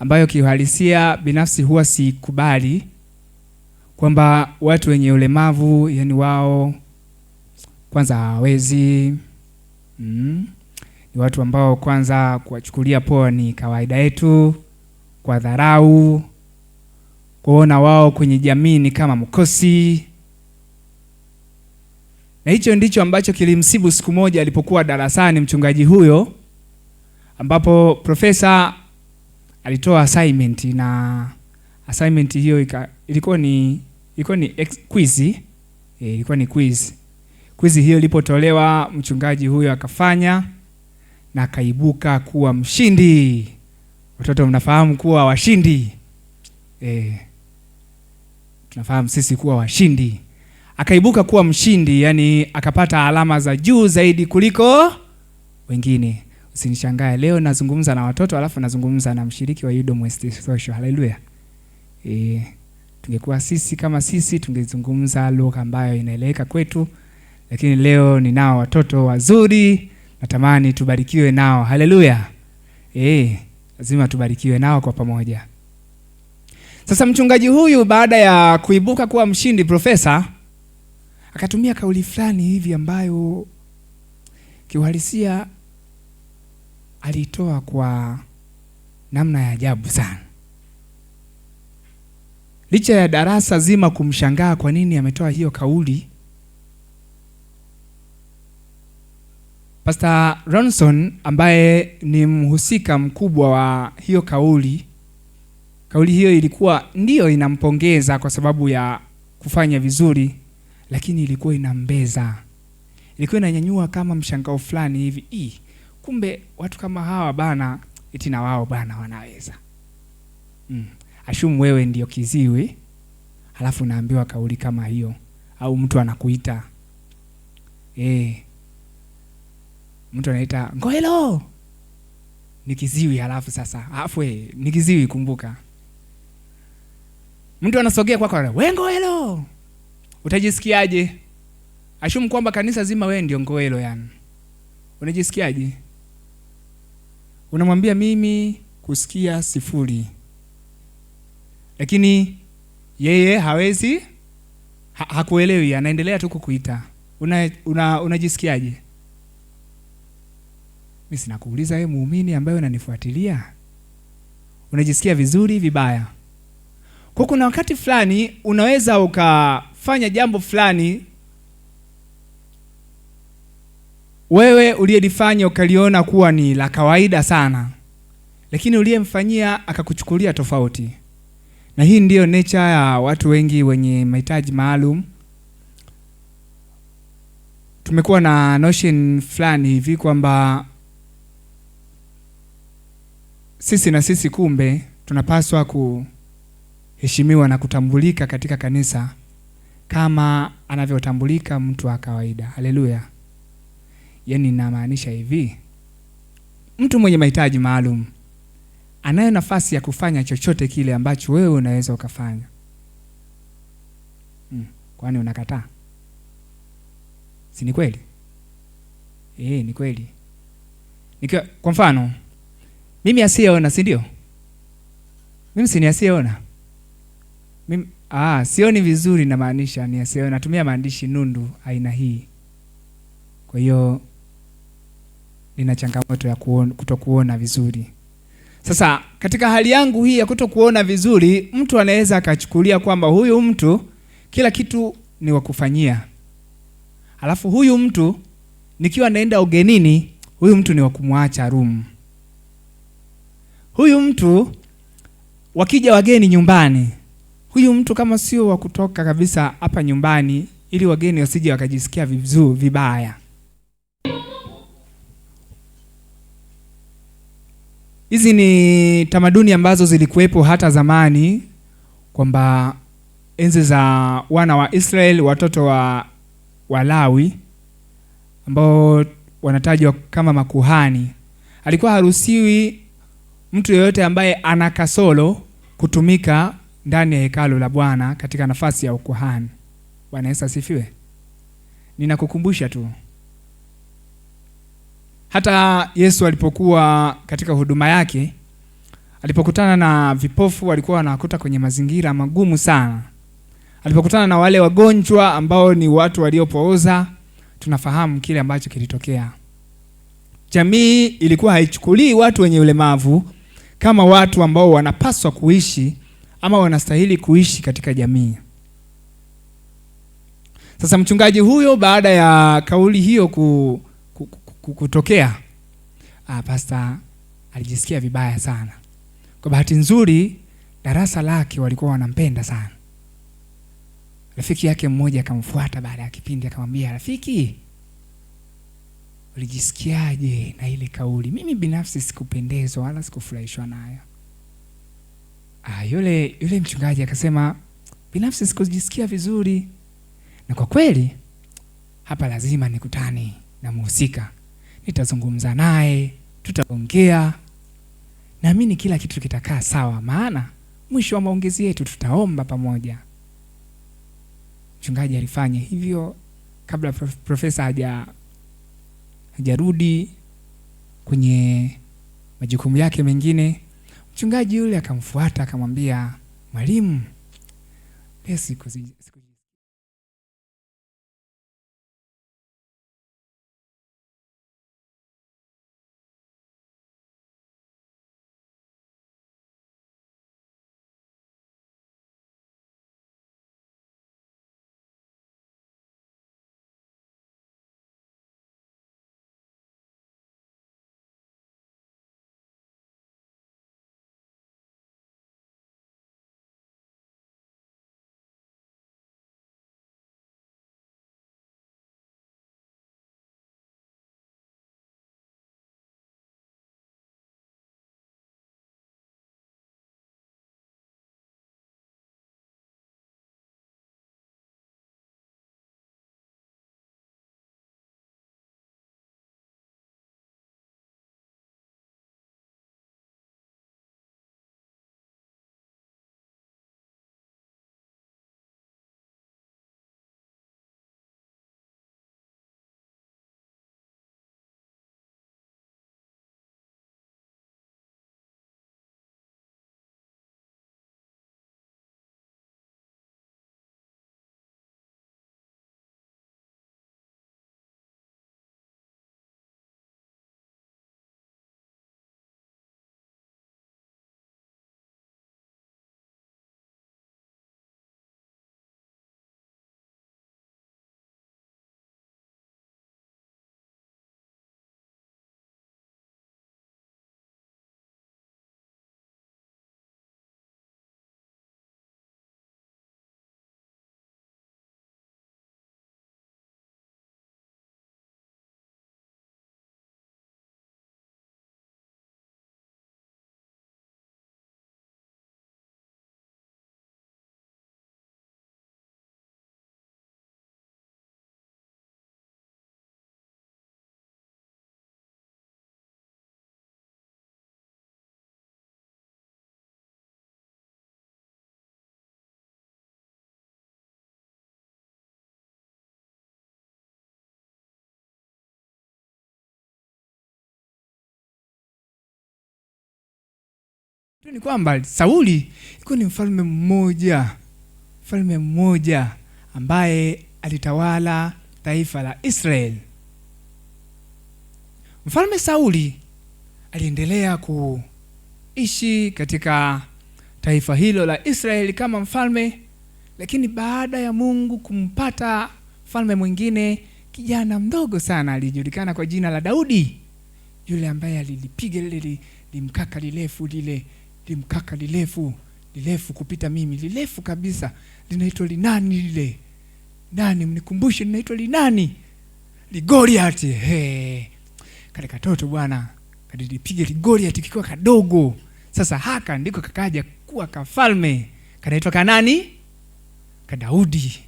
ambayo kiuhalisia binafsi huwa sikubali kwamba watu wenye ulemavu yani wao kwanza hawawezi mm. Ni watu ambao kwanza kuwachukulia poa ni kawaida yetu, kwa dharau, kuona wao kwenye jamii ni kama mkosi. Na hicho ndicho ambacho kilimsibu siku moja alipokuwa darasani mchungaji huyo, ambapo profesa alitoa assignment na assignment hiyo ika, ilikuwa ni ilikuwa ni quiz e, ilikuwa ni quiz. Quiz hiyo ilipotolewa mchungaji huyo akafanya na akaibuka kuwa mshindi. Watoto mnafahamu kuwa washindi e, tunafahamu sisi kuwa washindi. Akaibuka kuwa mshindi, yani akapata alama za juu zaidi kuliko wengine usinishangae. Leo nazungumza na watoto alafu nazungumza na mshiriki wa UDOM West Social. Haleluya. E, tungekuwa sisi kama sisi tungezungumza lugha ambayo inaeleweka kwetu, lakini leo ninao watoto wazuri, natamani tubarikiwe nao. Haleluya. Eh, lazima tubarikiwe nao kwa pamoja. Sasa mchungaji huyu baada ya kuibuka kuwa mshindi profesa akatumia kauli fulani hivi ambayo kiuhalisia alitoa kwa namna ya ajabu sana, licha ya darasa zima kumshangaa kwa nini ametoa hiyo kauli. Pastor Ronson ambaye ni mhusika mkubwa wa hiyo kauli, kauli hiyo ilikuwa ndiyo inampongeza kwa sababu ya kufanya vizuri, lakini ilikuwa inambeza, ilikuwa inanyanyua kama mshangao fulani hivi kumbe watu kama hawa bana, eti na wao bana wanaweza mm. Ashumu wewe ndio kiziwi, halafu naambiwa kauli kama hiyo, au mtu anakuita e, mtu anaita Ngoelo ni kiziwi, halafu sasa afwe ni kiziwi. Kumbuka mtu anasogea kwako, we Ngoelo, utajisikiaje? Ashumu kwamba kanisa zima wewe ndio Ngoelo, yani unajisikiaje? unamwambia mimi kusikia sifuri, lakini yeye hawezi ha, hakuelewi, anaendelea tu kukuita. Unajisikiaje? una, una mimi sinakuuliza wewe muumini ambaye unanifuatilia, unajisikia vizuri vibaya? Kwa kuna wakati fulani unaweza ukafanya jambo fulani Wewe uliyelifanya ukaliona kuwa ni la kawaida sana, lakini uliyemfanyia akakuchukulia tofauti. Na hii ndiyo nature ya watu wengi wenye mahitaji maalum. Tumekuwa na notion fulani hivi kwamba sisi na sisi kumbe tunapaswa kuheshimiwa na kutambulika katika kanisa kama anavyotambulika mtu wa kawaida. Haleluya! yani namaanisha hivi, mtu mwenye mahitaji maalum anayo nafasi ya kufanya chochote kile ambacho wewe unaweza ukafanya. Hmm, kwani unakataa? Si ni kweli? Eh, ni kweli. Nikiwa kwa mfano mimi asiyeona, si ndio? Mimi si asiyeona. Mimi ah, sioni vizuri, namaanisha ni asiyeona. Natumia maandishi nundu aina hii, kwa hiyo nina changamoto ya kutokuona vizuri. Sasa katika hali yangu hii ya kutokuona vizuri, mtu anaweza akachukulia kwamba huyu mtu kila kitu ni wakufanyia, alafu huyu mtu nikiwa naenda ugenini, huyu mtu ni wakumwacha room, huyu mtu wakija wageni nyumbani, huyu mtu kama sio wa kutoka kabisa hapa nyumbani, ili wageni wasije wakajisikia vibaya. Hizi ni tamaduni ambazo zilikuwepo hata zamani, kwamba enzi za wana wa Israeli, watoto wa Walawi ambao wanatajwa kama makuhani, alikuwa haruhusiwi mtu yeyote ambaye ana kasoro kutumika ndani ya hekalo la Bwana katika nafasi ya ukuhani. Bwana Yesu asifiwe. Ninakukumbusha tu hata Yesu alipokuwa katika huduma yake, alipokutana na vipofu walikuwa wanawakuta kwenye mazingira magumu sana. Alipokutana na wale wagonjwa ambao ni watu waliopooza, tunafahamu kile ambacho kilitokea. Jamii ilikuwa haichukulii watu wenye ulemavu kama watu ambao wanapaswa kuishi ama wanastahili kuishi katika jamii. Sasa mchungaji huyo baada ya kauli hiyo ku kutokea, ah, pasta alijisikia vibaya sana. Kwa bahati nzuri, darasa lake walikuwa wanampenda sana. Rafiki yake mmoja akamfuata baada ya kipindi, akamwambia, rafiki, ulijisikiaje na ile kauli? Mimi binafsi sikupendezwa wala sikufurahishwa nayo. Ah, yule yule mchungaji akasema, binafsi sikujisikia vizuri, na kwa kweli hapa lazima nikutane na muhusika nitazungumza naye, tutaongea, naamini kila kitu kitakaa sawa, maana mwisho wa maongezi yetu tutaomba pamoja. Mchungaji alifanya hivyo kabla profesa haja hajarudi kwenye majukumu yake mengine. Mchungaji yule akamfuata akamwambia, mwalimu, siku ni kwamba Sauli iko ni mfalme mmoja, mfalme mmoja ambaye alitawala taifa la israel Mfalme Sauli aliendelea kuishi katika taifa hilo la Israeli kama mfalme, lakini baada ya Mungu kumpata mfalme mwingine, kijana mdogo sana alijulikana kwa jina la Daudi, yule ambaye alilipiga lile limkaka lirefu lile limkaka lirefu lirefu kupita mimi, lirefu kabisa, linaitwa linani lile nani, mnikumbushe, linaitwa linani ligoriati kale katoto bwana kadilipiga ligoliati kikiwa kadogo. Sasa haka ndiko kakaja kuwa kafalme, kanaitwa kanani, kadaudi.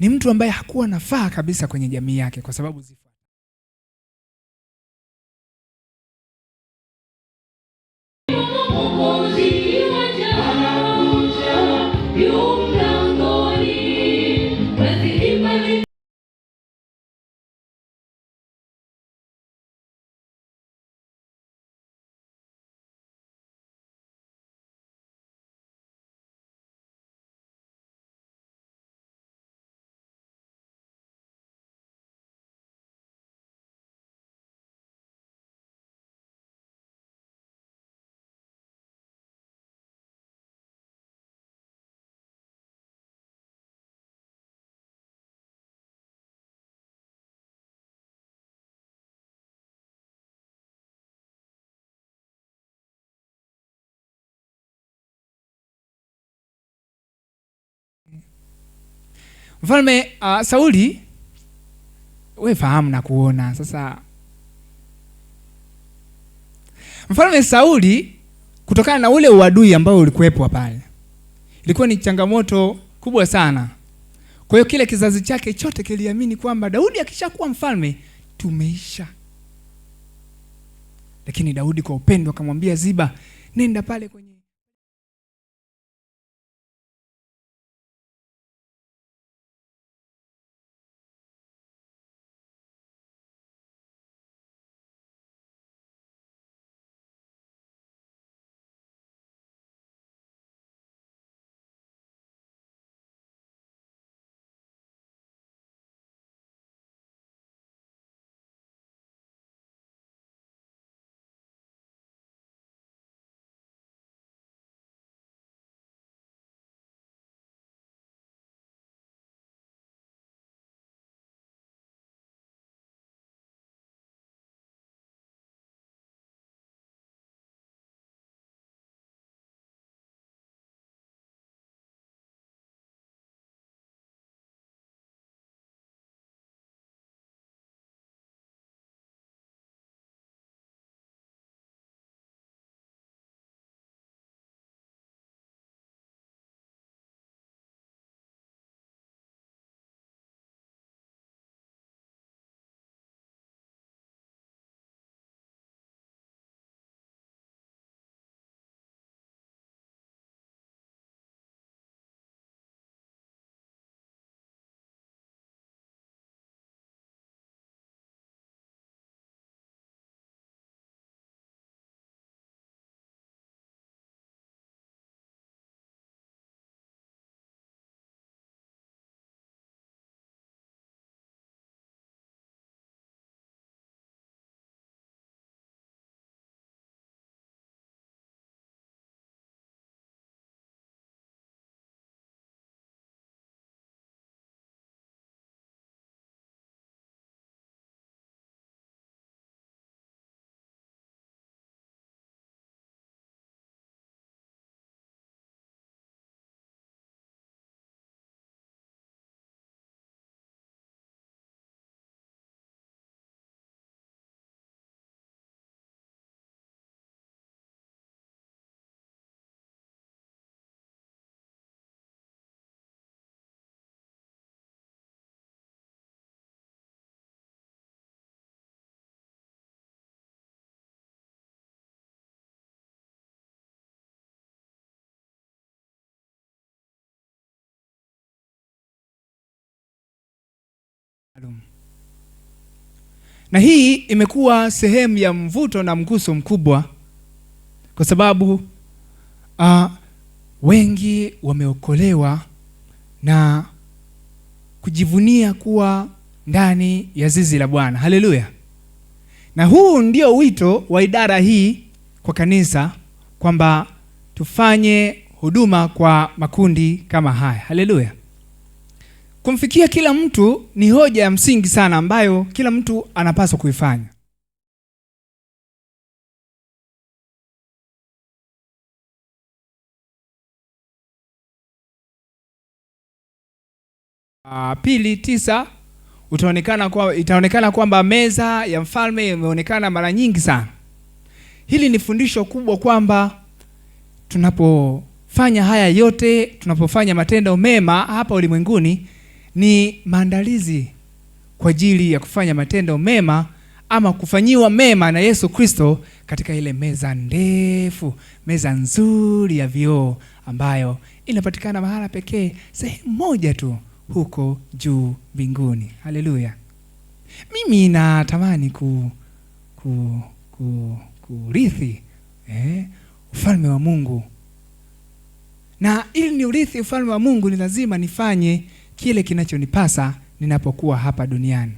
ni mtu ambaye hakuwa nafaa kabisa kwenye jamii yake kwa sababu Mfalme uh, Sauli we fahamu na kuona sasa. Mfalme Sauli kutokana na ule uadui ambao ulikuwepwa pale, ilikuwa ni changamoto kubwa sana. Kwa hiyo kile kizazi chake chote kiliamini kwamba Daudi akishakuwa mfalme tumeisha, lakini Daudi kwa upendo akamwambia Ziba, nenda pale kwenye na hii imekuwa sehemu ya mvuto na mguso mkubwa kwa sababu uh, wengi wameokolewa na kujivunia kuwa ndani ya zizi la Bwana. Haleluya! Na huu ndio wito wa idara hii kwa kanisa kwamba tufanye huduma kwa makundi kama haya. Haleluya! Kumfikia kila mtu ni hoja ya msingi sana ambayo kila mtu anapaswa kuifanya. Ah, pili tisa utaonekana kwa, itaonekana kwamba meza ya mfalme imeonekana mara nyingi sana. Hili ni fundisho kubwa kwamba tunapofanya haya yote, tunapofanya matendo mema hapa ulimwenguni ni maandalizi kwa ajili ya kufanya matendo mema ama kufanyiwa mema na Yesu Kristo katika ile meza ndefu, meza nzuri ya vioo ambayo inapatikana mahala pekee, sehemu moja tu huko juu mbinguni. Haleluya! Mimi natamani ku, ku, ku, kurithi eh, ufalme wa Mungu, na ili ni urithi ufalme wa Mungu ni lazima nifanye kile kinachonipasa ninapokuwa hapa duniani.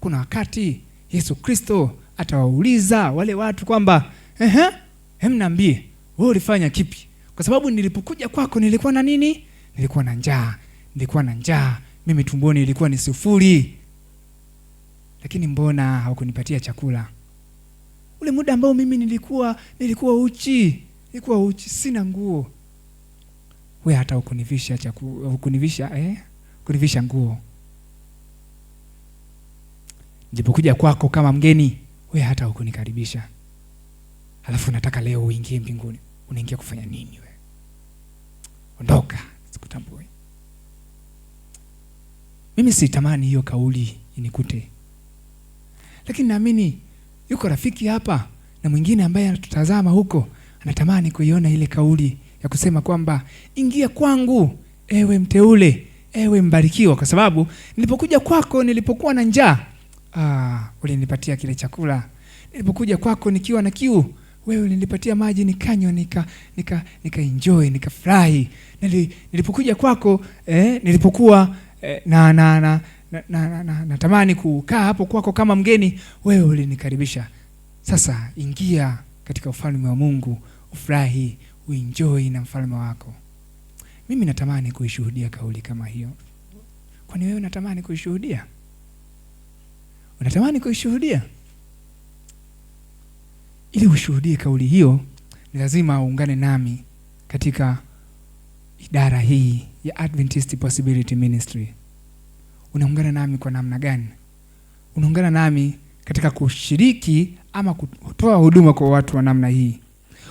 Kuna wakati Yesu Kristo atawauliza wale watu kwamba ehe, hem, niambie wewe ulifanya kipi? Kwa sababu nilipokuja kwako nilikuwa na nini? Nilikuwa na njaa, nilikuwa na njaa, mimi tumboni ilikuwa ni sufuri, lakini mbona haukunipatia chakula? Ule muda ambao mimi nilikuwa nilikuwa uchi, nilikuwa uchi, sina nguo we hata ukunivisha chaku, ukunivisha, eh, kunivisha nguo. Nilipokuja kwako kama mgeni, we hata ukunikaribisha, alafu nataka leo uingie mbinguni. Unaingia kufanya nini we? Ondoka, sikutambui. Mimi sitamani hiyo kauli inikute, lakini naamini yuko rafiki hapa na mwingine ambaye anatutazama huko anatamani kuiona ile kauli ya kusema kwamba ingia kwangu, ewe mteule, ewe mbarikiwa, kwa sababu nilipokuja kwako nilipokuwa na njaa, ah, ulinipatia kile chakula. Nilipokuja kwako nikiwa na kiu, wewe ulinipatia maji nikanywa, nika nika nika enjoy nikafurahi. Nili, nilipokuja kwako eh, nilipokuwa eh, na na na na natamani na, na, kukaa hapo kwako kama mgeni, wewe ulinikaribisha. Sasa ingia katika ufalme wa Mungu, ufurahi uenjoy na mfalme wako. Mimi natamani kuishuhudia kauli kama hiyo. Kwani wewe unatamani kuishuhudia? Unatamani kuishuhudia? Ili ushuhudie kauli hiyo, ni lazima uungane nami katika idara hii ya Adventist Possibility Ministry. Unaungana nami kwa namna gani? Unaungana nami katika kushiriki ama kutoa huduma kwa watu wa namna hii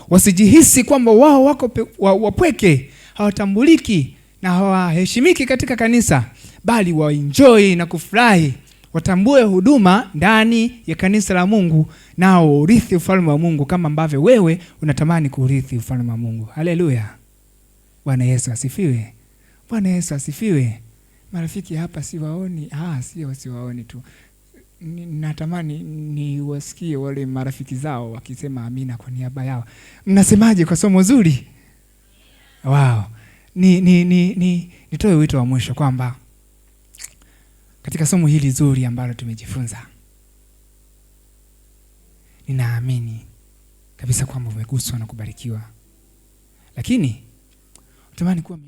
wasijihisi kwamba wao wako wapweke, hawatambuliki na hawaheshimiki katika kanisa, bali waenjoi na kufurahi, watambue huduma ndani ya kanisa la Mungu, nao waurithi ufalme wa Mungu kama ambavyo wewe unatamani kuurithi ufalme wa Mungu. Haleluya! Bwana Yesu asifiwe! Bwana Yesu asifiwe! Marafiki hapa siwaoni, ah, sio siwaoni tu natamani niwasikie wale marafiki zao wakisema amina kwa niaba yao. Mnasemaje kwa somo zuri? Wow. Ni, ni, ni, ni, nitoe wito wa mwisho kwamba katika somo hili zuri ambalo tumejifunza, ninaamini kabisa kwamba umeguswa na kubarikiwa, lakini natamani kuwa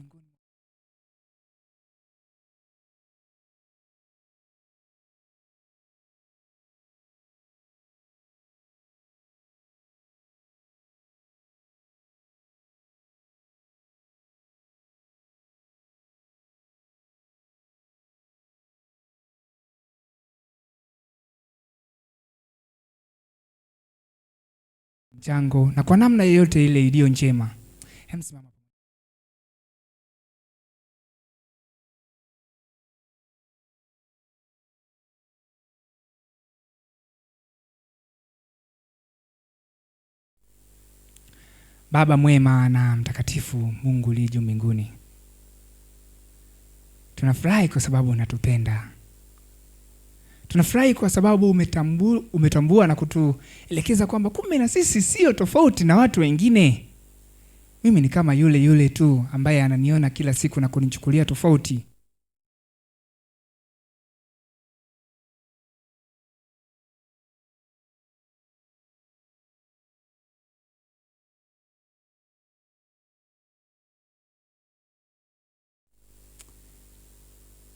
chango na kwa namna yoyote ile iliyo njema. Baba mwema na mtakatifu, Mungu uliye mbinguni, tunafurahi kwa sababu unatupenda. Tunafurahi kwa sababu umetambua, umetambua na kutuelekeza kwamba kumbe na sisi sio tofauti na watu wengine. Mimi ni kama yule yule tu ambaye ananiona kila siku na kunichukulia tofauti.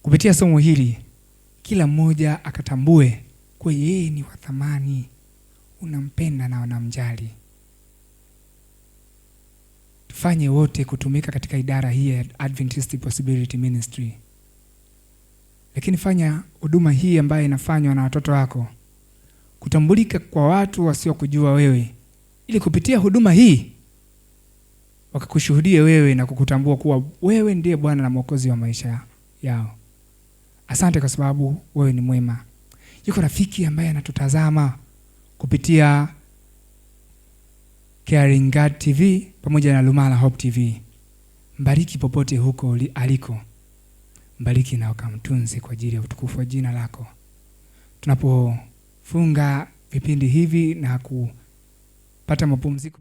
Kupitia somo hili kila mmoja akatambue kuwa yeye ni wa thamani, unampenda na unamjali. Tufanye wote kutumika katika idara hii ya Adventist Possibility Ministry, lakini fanya huduma hii ambayo inafanywa na watoto wako kutambulika kwa watu wasiokujua wewe, ili kupitia huduma hii wakakushuhudie wewe na kukutambua kuwa wewe ndiye Bwana na Mwokozi wa maisha yao. Asante kwa sababu wewe ni mwema. Yuko rafiki ambaye anatutazama kupitia Caring God TV pamoja na Lumala Hope TV. Mbariki popote huko aliko, mbariki na ukamtunze kwa ajili ya utukufu wa jina lako. Tunapofunga vipindi hivi na kupata mapumziko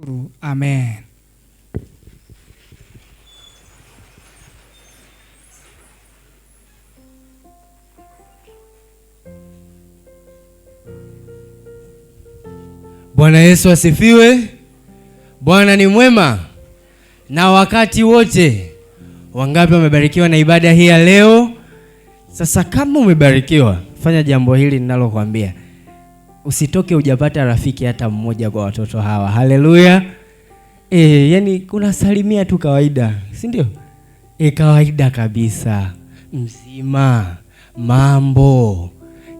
kushukuru. Amen. Bwana Yesu asifiwe. Bwana ni mwema na wakati wote. Wangapi wamebarikiwa na ibada hii ya leo? Sasa kama umebarikiwa, fanya jambo hili ninalokuambia usitoke ujapata rafiki hata mmoja kwa watoto hawa. Haleluya! E, yani kunasalimia tu kawaida, si ndio? E, kawaida kabisa, mzima, mambo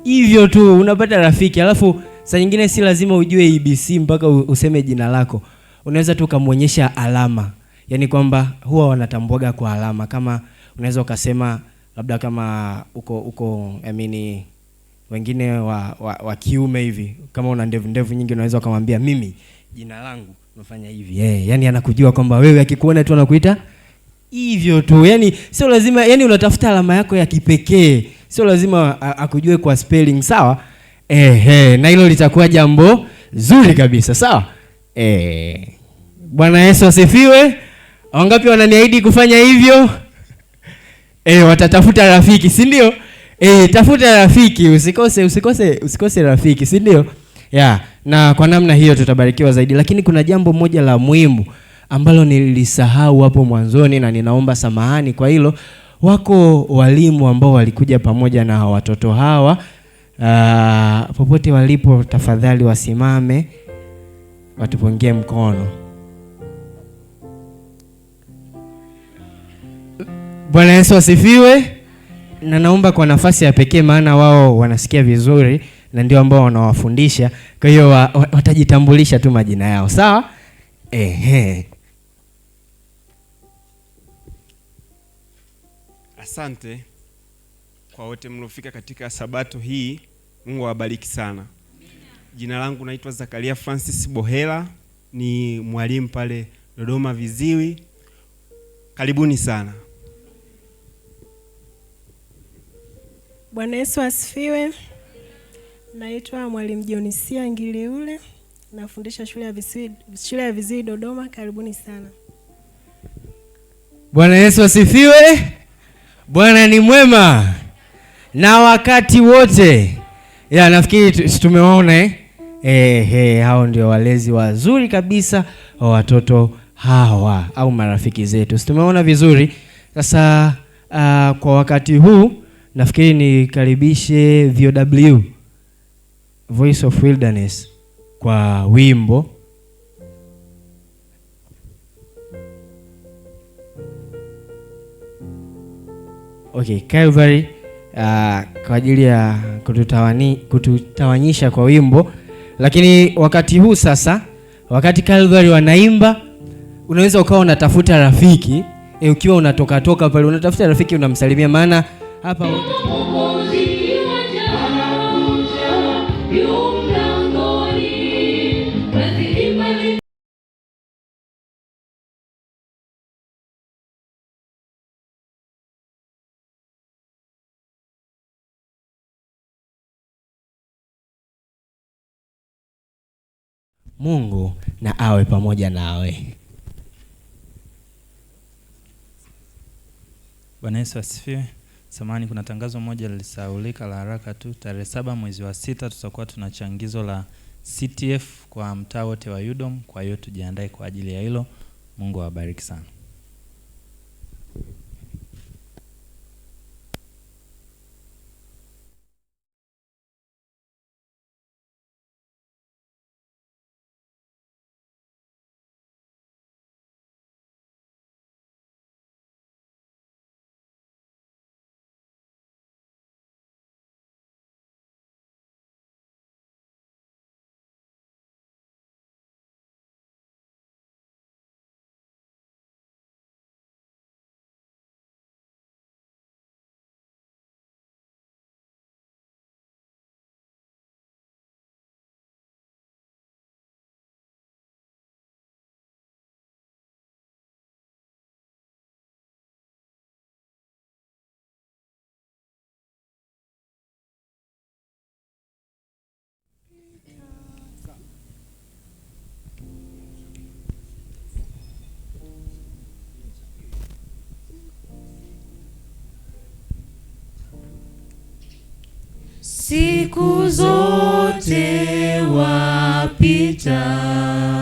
hivyo tu unapata rafiki. Alafu sa nyingine si lazima ujue ABC mpaka useme jina lako, unaweza tu ukamwonyesha alama, yani kwamba huwa wanatambuaga kwa alama. Kama unaweza ukasema labda kama uko uko amini wengine wa, wa, wa kiume hivi, kama una ndevu ndevu nyingi unaweza ukamwambia mimi jina langu nafanya hivi yeah. Yani anakujua kwamba wewe, akikuona tu anakuita hivyo tu, yani sio lazima, yani unatafuta alama yako ya kipekee, sio lazima akujue kwa spelling, sawa eh, eh, na hilo litakuwa jambo zuri kabisa, sawa eh. Bwana Yesu asifiwe. Wangapi wananiahidi kufanya hivyo? Eh, watatafuta rafiki, si ndio? eh, tafuta rafiki, usikose usikose usikose rafiki, si ndio? Yeah, na kwa namna hiyo tutabarikiwa zaidi, lakini kuna jambo moja la muhimu ambalo nilisahau hapo mwanzoni na ninaomba samahani kwa hilo. Wako walimu ambao walikuja pamoja na watoto hawa. Uh, popote walipo, tafadhali wasimame watupungie mkono. Bwana Yesu asifiwe na naomba kwa nafasi ya pekee, maana wao wanasikia vizuri na ndio ambao wanawafundisha, kwa hiyo wa, wa, watajitambulisha tu majina yao, sawa? Ehe. Asante kwa wote mliofika katika sabato hii. Mungu awabariki sana. Jina langu naitwa Zakaria Francis Bohela, ni mwalimu pale Dodoma Viziwi. Karibuni sana. Bwana Yesu asifiwe. Naitwa Mwalimu Jonisia Ngiliule, nafundisha shule ya viziwi, shule ya viziwi Dodoma. Karibuni sana. Bwana Yesu asifiwe. Bwana ni mwema na wakati wote. Ya, nafikiri tumewaona eh? Eh, hao ndio walezi wazuri kabisa wa watoto hawa au marafiki zetu, situmeona tumeona vizuri sasa. Uh, kwa wakati huu Nafikiri nikaribishe VOW Voice of Wilderness kwa wimbo okay, Calvary uh, kwa ajili ya kututawani, kututawanyisha kwa wimbo, lakini wakati huu sasa, wakati Calvary wanaimba, unaweza ukawa unatafuta rafiki e, ukiwa unatoka toka pale unatafuta rafiki unamsalimia, maana hapa Mungu na awe pamoja nawe. Bwana Yesu asifiwe samani kuna tangazo moja lilisaulika la haraka tu. Tarehe saba mwezi wa sita tutakuwa tuna changizo la CTF kwa mtaa wote wa UDOM, kwa hiyo tujiandae kwa ajili ya hilo. Mungu awabariki sana. siku zote wapita.